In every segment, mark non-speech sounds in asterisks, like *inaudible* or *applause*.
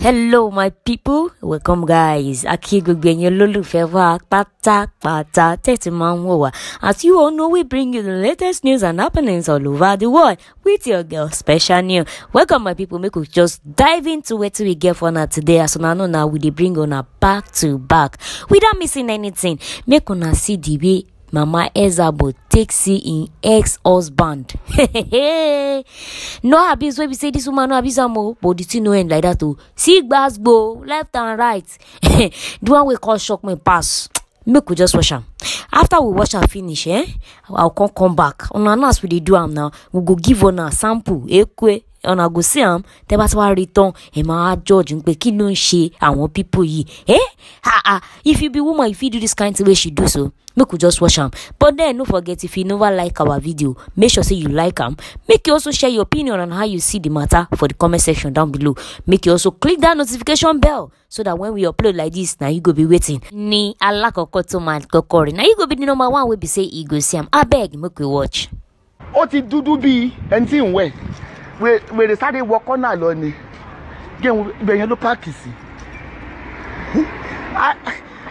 Hello my people, welcome guys. Aki gbogbo lulu olólùfẹ́ wa Pata tẹ̀sí máa ń wò wá. As you all know, we bring you the latest news and happenings all over the world with your girl Special New. Welcome my people, make we just dive into wetin we get for una today. As una know na we dey bring a back to back without missing anything. Make una see the way Mama Ezabo take see in ex-husband. *laughs* no abuse wey be say dis woman no abuse am o but the thing no end like that o. See gbasgbo left and right. *laughs* the one wey cause shock me pass. make we just watch am after we watch am finish eh i go come come back una know as we dey do am now we go give una sample ekwe ọ̀nà àgùsí àm tẹ́ bá ti wá rí tán ẹ̀ máa judge pé kí ló ń ṣe àwọn people yìí ẹ́ àà if you be woman you fit do this kind thing wey she do so make we just watch am but then no forget if you never like our video make sure say you like am make you also share your opinion on how you see the matter for the comment section down below make you also click that notification bell so that when we upload like this na you go be waiting. ní alákọ̀ọ́kọ́ tó máa kọ́kọ́ rẹ̀ na you go be the number one wey be say e go see am abeg make we watch. ó ti dúdú bíi ẹni tí ń wẹ̀ wèrè sáré wọ kọ́nà lọ ni ibẹ̀ yẹn ló páàkì sí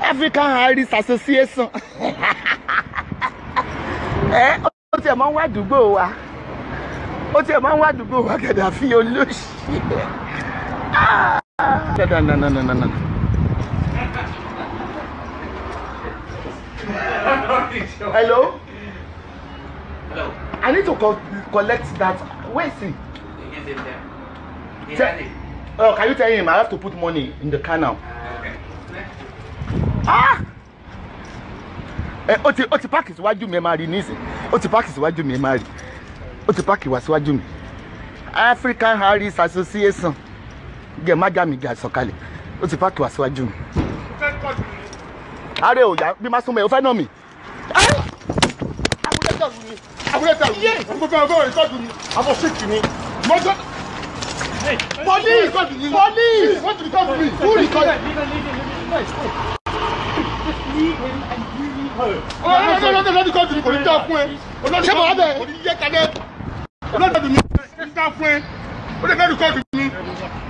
African Harris Association *laughs* ẹ ó tiẹ̀ máa ń wá àdúgbò wa ó tiẹ̀ máa ń wá àdúgbò wa gẹ̀dà fi olóṣì Hello? Hello? I need to co collect that. Where is he? using them. He had it. Oh, can you tell him I have to put money in the car now? okay. Ah! Oti Oti ti ó ti park síwájú mi máa rí nísìn ó ti park síwájú mi máa rí ó ti park wá síwájú mi African Harris Association Get má já mi gà sọ̀kalẹ̀ ó ti park wá síwájú mi. ààrẹ ò yá bí má súnmọ́ ẹ̀ ó fẹ́ nà mí. àwùjọ tẹ̀lú ni àwùjọ tẹ̀lú ni gbogbo ẹgbẹ́ òrìṣọ́jú ni àbọ̀ ṣèkì ni. Motor. Hey. Police! Police! What did you to me? Who did come to me? Leave him and you leave her. Oh, no, no, no, no, no, no, no, no, no, no, no, no, Olè kọ́ record mi.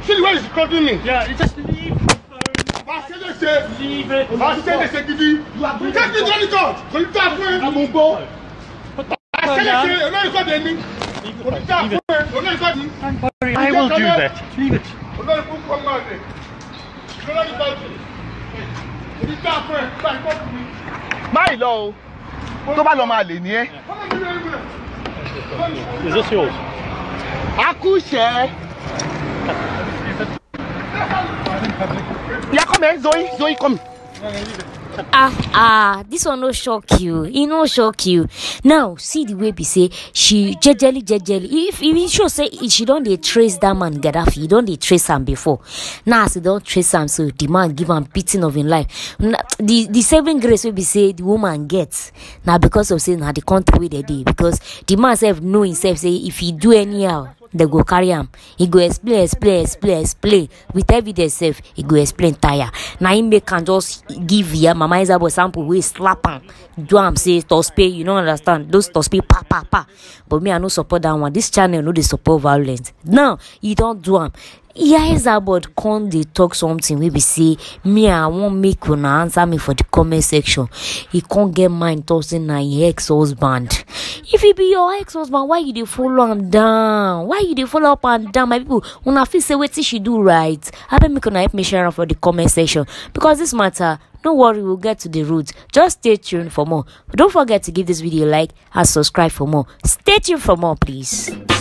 Ṣé ìwé is recording me? Yeah, it's just leave the phone. Bá a ṣe lè ṣe. Leave it. Bá a ṣe lè ṣe gidi. Take me to record. I said dá said. ẹ. Àmọ̀ gbọ́. Bá a ṣe lè ṣe olórí kọ́ de mi. Kò ní dá fún ẹ. I will do that. Leave it. My law. Tó bá lọ máa lè Is this yours? Akúṣẹ́. Yeah, come here, Zoe. Zoe, come ah ah this one no shock you He no shock you now see the way be say she jejely jejely if even show say she don't dey trace that man gaddafi don't dey trace him before now as don't trace him, so the man give him beating of in life the the saving grace will be say the woman gets now because of saying how the country wey dem dey because the man sef know himself say if he do anyhow dem go carry am e go explain explain explain explain with evidence sef e go explain tire na im make am just give ya mama isabel sample wey slap am do am say tospe you no understand those tospe pa pa pa but me i no support that one this channel no dey support violence now e don do am Yahizabod come dey talk something wey be say me i wan make una answer me for the comment section e come get mind talk say na im ex-husband if e be your ex husband why you dey follow am down why you dey follow up and down my people una fit say wetin she do right abeg make una help me share am for the comment section because this matter no worry we'll get to the root just stay tuned for more don't forget to give this video a like and subscribe for more stay tuned for more please